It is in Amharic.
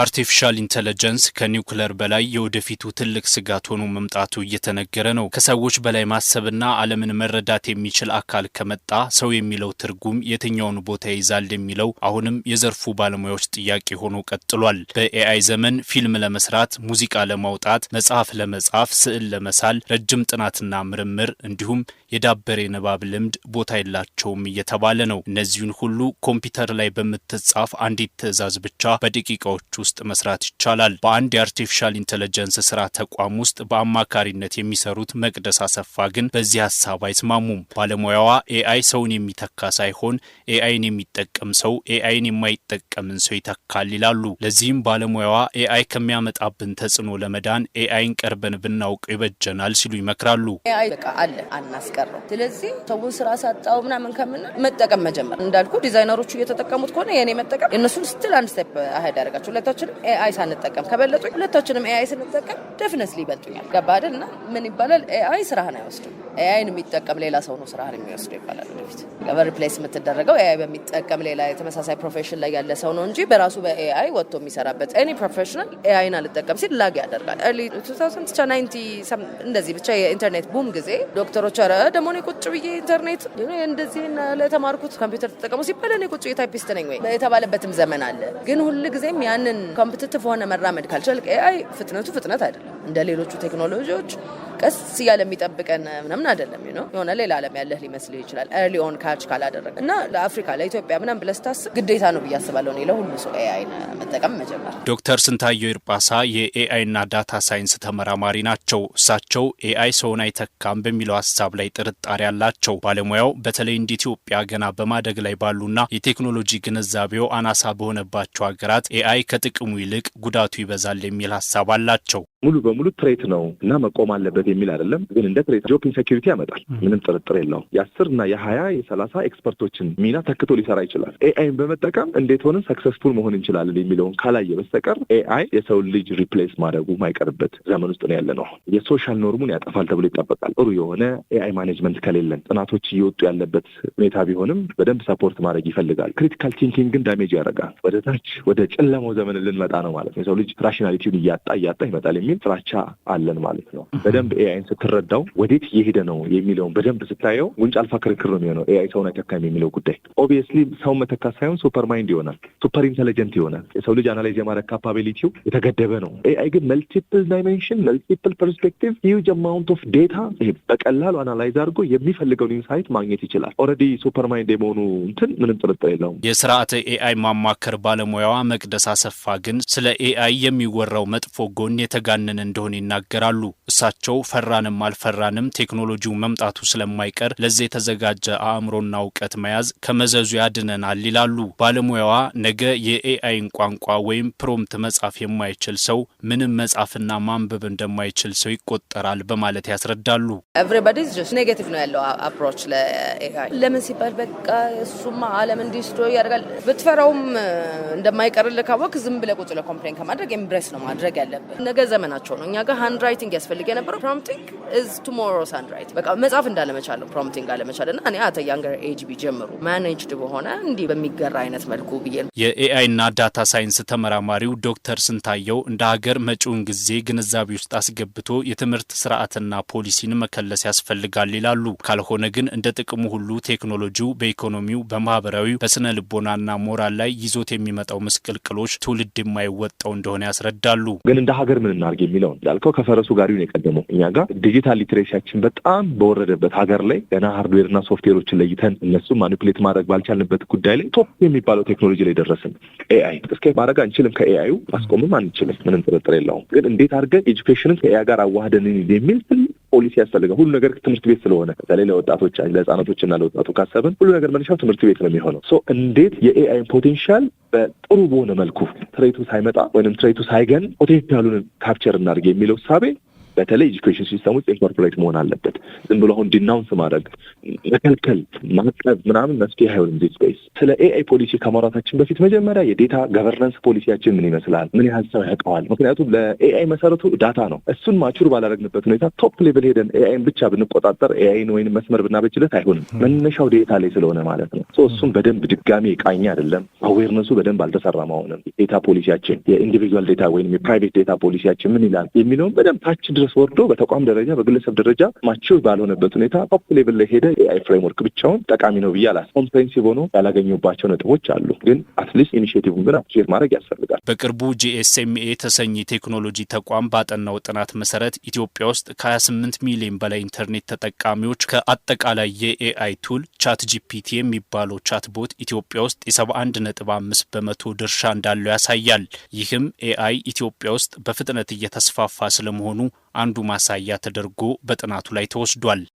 አርቲፊሻል ኢንተለጀንስ ከኒውክለር በላይ የወደፊቱ ትልቅ ስጋት ሆኖ መምጣቱ እየተነገረ ነው። ከሰዎች በላይ ማሰብና ዓለምን መረዳት የሚችል አካል ከመጣ ሰው የሚለው ትርጉም የትኛውን ቦታ ይዛል የሚለው አሁንም የዘርፉ ባለሙያዎች ጥያቄ ሆኖ ቀጥሏል። በኤአይ ዘመን ፊልም ለመስራት፣ ሙዚቃ ለማውጣት፣ መጽሐፍ ለመጻፍ፣ ስዕል ለመሳል ረጅም ጥናትና ምርምር እንዲሁም የዳበረ ንባብ ልምድ ቦታ የላቸውም እየተባለ ነው። እነዚህን ሁሉ ኮምፒውተር ላይ በምትጻፍ አንዲት ትዕዛዝ ብቻ በደቂቃዎቹ ውስጥ መስራት ይቻላል። በአንድ የአርቲፊሻል ኢንተለጀንስ ስራ ተቋም ውስጥ በአማካሪነት የሚሰሩት መቅደስ አሰፋ ግን በዚህ ሀሳብ አይስማሙም። ባለሙያዋ ኤአይ ሰውን የሚተካ ሳይሆን ኤአይን የሚጠቀም ሰው ኤአይን የማይጠቀምን ሰው ይተካል ይላሉ። ለዚህም ባለሙያዋ ኤአይ ከሚያመጣብን ተጽዕኖ ለመዳን ኤአይን ቀርበን ብናውቅ ይበጀናል ሲሉ ይመክራሉ። ኤአይ በቃ አለ አናስቀረው። ስለዚህ ሰውን ስራ ሳጣው ምናምን ከምን መጠቀም መጀመር እንዳልኩ ዲዛይነሮቹ እየተጠቀሙት ከሆነ የኔ መጠቀም የእነሱን ስትል አንድ ስቴፕ አሄድ ያደርጋቸው ሁለታችንም ኤአይ ሳንጠቀም ከበለጡኝ፣ ሁለታችንም ኤአይ ስንጠቀም ደፍነስ ሊበልጡኛል። ገባ አይደል? እና ምን ይባላል? ኤአይ ስራህን አይወስድም። ኤአይን የሚጠቀም ሌላ ሰው ነው ስራህን የሚወስደው ይባላል። ወደፊት ገበር ሪፕሌስ የምትደረገው ኤአይ በሚጠቀም ሌላ የተመሳሳይ ፕሮፌሽን ላይ ያለ ሰው ነው እንጂ በራሱ በኤአይ ወጥቶ የሚሰራበት ኤኒ ፕሮፌሽናል ኤአይን አልጠቀም ሲል ላግ ያደርጋል። ኤርሊ ብቻ እንደዚህ ብቻ የኢንተርኔት ቡም ጊዜ ዶክተሮች ኧረ ደግሞ እኔ ቁጭ ብዬ ኢንተርኔት እንደዚህ ለተማርኩት ኮምፒውተር ተጠቀሙ ሲባል እኔ ቁጭ ብዬ ታይፒስት ነኝ ወይ የተባለበትም ዘመን አለ። ግን ጊዜም ያንን ኮምፒቲቲቭ ሆነ መራመድ ካልቻልክ ኤአይ ፍጥነቱ ፍጥነት አይደለም እንደ ሌሎቹ ቴክኖሎጂዎች ቀስ እያለ የሚጠብቀን ምናምን አይደለም ነው። የሆነ ሌላ ዓለም ያለህ ሊመስል ይችላል። ኤርሊ ኦን ካች ካላደረግ እና ለአፍሪካ ለኢትዮጵያ ምናም ብለህ ግዴታ ነው ብዬ አስባለሁ ሁሉ ለሁሉ ሰው ኤአይ መጠቀም መጀመር። ዶክተር ስንታየሁ ይርጳሳ ና ዳታ ሳይንስ ተመራማሪ ናቸው። እሳቸው ኤአይ ሰውን አይተካም በሚለው ሀሳብ ላይ ጥርጣሬ ያላቸው ባለሙያው በተለይ እንደ ኢትዮጵያ ገና በማደግ ላይ ባሉና የቴክኖሎጂ ግንዛቤው አናሳ በሆነባቸው ሀገራት ኤአይ ከጥቅሙ ይልቅ ጉዳቱ ይበዛል የሚል ሀሳብ አላቸው። ሙሉ በሙሉ ትሬት ነው እና መቆም አለበት የሚል አይደለም። ግን እንደ ትሬት ጆብ ኢንሴኪሪቲ ያመጣል፣ ምንም ጥርጥር የለውም። የአስር እና የሀያ የሰላሳ ኤክስፐርቶችን ሚና ተክቶ ሊሰራ ይችላል። ኤአይን በመጠቀም እንዴት ሆነን ሰክሰስፉል መሆን እንችላለን የሚለውን ካላየ በስተቀር ኤአይ የሰው ልጅ ሪፕሌስ ማድረጉ ማይቀርበት ዘመን ውስጥ ነው ያለ ነው። የሶሻል ኖርሙን ያጠፋል ተብሎ ይጠበቃል። ጥሩ የሆነ ኤአይ ማኔጅመንት ከሌለን ጥናቶች እየወጡ ያለበት ሁኔታ ቢሆንም በደንብ ሰፖርት ማድረግ ይፈልጋል። ክሪቲካል ቲንኪንግ ግን ዳሜጅ ያደርጋል። ወደ ታች ወደ ጨለማው ዘመን ልንመጣ ነው ማለት ነው። የሰው ልጅ ራሽናሊቲውን እያጣ እያጣ ይመጣል የሚል የሚል ጥላቻ አለን ማለት ነው። በደንብ ኤአይን ስትረዳው ወዴት እየሄደ ነው የሚለውን በደንብ ስታየው ጉንጭ አልፋ ክርክር ነው የሚሆነው። ኤአይ ሰውን አይተካም የሚለው ጉዳይ ኦብቪየስሊ ሰውን መተካ ሳይሆን ሱፐር ማይንድ ይሆናል፣ ሱፐር ኢንቴሊጀንት ይሆናል። የሰው ልጅ አናላይዝ የማድረግ ካፓቢሊቲው የተገደበ ነው። ኤአይ ግን መልቲፕል ዳይሜንሽን፣ መልቲፕል ፐርስፔክቲቭ፣ ሂውጅ አማውንት ኦፍ ዴታ በቀላሉ አናላይዝ አድርጎ የሚፈልገውን ኢንሳይት ማግኘት ይችላል። ኦልሬዲ ሱፐር ማይንድ የመሆኑ እንትን ምንም ጥርጥር የለውም። የስርዓተ ኤአይ ማማከር ባለሙያዋ መቅደስ አሰፋ ግን ስለ ኤአይ የሚወራው መጥፎ ጎን የተጋ ያንን እንደሆነ ይናገራሉ። እሳቸው ፈራንም አልፈራንም ቴክኖሎጂው መምጣቱ ስለማይቀር ለዚህ የተዘጋጀ አእምሮና እውቀት መያዝ ከመዘዙ ያድነናል ይላሉ። ባለሙያዋ ነገ የኤአይን ቋንቋ ወይም ፕሮምት መጻፍ የማይችል ሰው ምንም መጻፍና ማንበብ እንደማይችል ሰው ይቆጠራል በማለት ያስረዳሉ። ኔጌቲቭ ነው ያለው አፕሮች ለኤአይ። ለምን ሲባል በቃ እሱማ አለም እንዲስዶ ያደርጋል። ብትፈራውም እንደማይቀርልህ ካወቅ ዝም ብለህ ቁጭ ለኮምፕሌን ከማድረግ ኤምብሬስ ነው ማድረግ ያለብን ነገ ዘመን ናቸው ነው። እኛ ጋር ሃንድ ራይቲንግ ያስፈልግ የነበረው ፕሮምፕቲንግ ኢዝ ቱሞሮስ ሃንድ ራይቲንግ በቃ መጻፍ እንዳለመቻል ነው። ፕሮምፕቲንግ አለመቻል እና እኔ አት ያንገር ኤጅ ቢጀምሩ ማኔጅድ በሆነ እንዲህ በሚገራ አይነት መልኩ ብዬ ነው። የኤአይ የኤአይና ዳታ ሳይንስ ተመራማሪው ዶክተር ስንታየው እንደ ሀገር መጪውን ጊዜ ግንዛቤ ውስጥ አስገብቶ የትምህርት ስርዓትና ፖሊሲን መከለስ ያስፈልጋል ይላሉ። ካልሆነ ግን እንደ ጥቅሙ ሁሉ ቴክኖሎጂው በኢኮኖሚው፣ በማህበራዊ፣ በስነ ልቦናና ሞራል ላይ ይዞት የሚመጣው ምስቅልቅሎች ትውልድ የማይወጣው እንደሆነ ያስረዳሉ። ግን እንደ ሀገር ምን እናርግ የሚለው እንዳልከው ከፈረሱ ጋሪውን የቀደመው እኛ ጋር ዲጂታል ሊትሬሲያችን በጣም በወረደበት ሀገር ላይ ገና ሃርድዌር እና ሶፍትዌሮችን ለይተን እነሱ ማኒፕሌት ማድረግ ባልቻልንበት ጉዳይ ላይ ቶፕ የሚባለው ቴክኖሎጂ ላይ ደረስን። ኤአይ እስኬፕ ማድረግ አንችልም፣ ከኤአዩ አስቆምም አንችልም፣ ምንም ጥርጥር የለውም። ግን እንዴት አድርገን ኤጁኬሽንን ከኤአይ ጋር አዋህደን የሚል ፖሊሲ ያስፈልገ ሁሉ ነገር ትምህርት ቤት ስለሆነ በተለይ ለወጣቶች ለህጻናቶችና ለወጣቱ ካሰብን ሁሉ ነገር መነሻው ትምህርት ቤት ነው የሚሆነው። ሶ እንዴት የኤአይን ፖቴንሻል በጥሩ በሆነ መልኩ ትሬቱ ሳይመጣ ወይም ትሬቱ ሳይገን ፖቴንሻሉን ካፕቸር እናድርግ የሚለው እሳቤ በተለይ ኤጁኬሽን ሲስተም ውስጥ ኢንኮርፖሬት መሆን አለበት። ዝም ብሎ አሁን ዲናውንስ ማድረግ፣ መከልከል፣ ማቀብ ምናምን መፍትሄ አይሆንም። ዚ ስፔስ ስለ ኤአይ ፖሊሲ ከማውራታችን በፊት መጀመሪያ የዴታ ገቨርናንስ ፖሊሲያችን ምን ይመስላል? ምን ያህል ሰው ያውቀዋል? ምክንያቱም ለኤአይ መሰረቱ ዳታ ነው። እሱን ማቹር ባላደረግንበት ሁኔታ ቶፕ ሌቭል ሄደን ኤአይን ብቻ ብንቆጣጠር ኤአይን ወይም መስመር ብናበጅለት አይሆንም። መነሻው ዴታ ላይ ስለሆነ ማለት ነው። እሱም በደንብ ድጋሚ የቃኝ አይደለም። አዌርነሱ በደንብ አልተሰራም። አሁንም ዴታ ፖሊሲያችን የኢንዲቪጁዋል ዴታ ወይም የፕራይቬት ዴታ ፖሊሲያችን ምን ይላል የሚለውን በደንብ ታች ድረስ ወርዶ በተቋም ደረጃ በግለሰብ ደረጃ ማቸው ባልሆነበት ሁኔታ ቶፕ ሌቭል ላይ ሄደ ኤአይ ፍሬምወርክ ብቻውን ጠቃሚ ነው ብዬ አላት ኮምፕሬንሲቭ ሆኖ ያላገኘባቸው ነጥቦች አሉ። ግን አትሊስት ኢኒሽቲቭን ግን አፕሪሼት ማድረግ ያስፈልጋል። በቅርቡ ጂኤስኤምኤ ተሰኝ ቴክኖሎጂ ተቋም ባጠናው ጥናት መሰረት ኢትዮጵያ ውስጥ ከ28 ሚሊዮን በላይ ኢንተርኔት ተጠቃሚዎች ከአጠቃላይ የኤአይ ቱል ቻት ጂፒቲ የሚባለው ቻትቦት ኢትዮጵያ ውስጥ የ አምስት በመቶ ድርሻ እንዳለው ያሳያል። ይህም ኤአይ ኢትዮጵያ ውስጥ በፍጥነት እየተስፋፋ ስለመሆኑ አንዱ ማሳያ ተደርጎ በጥናቱ ላይ ተወስዷል።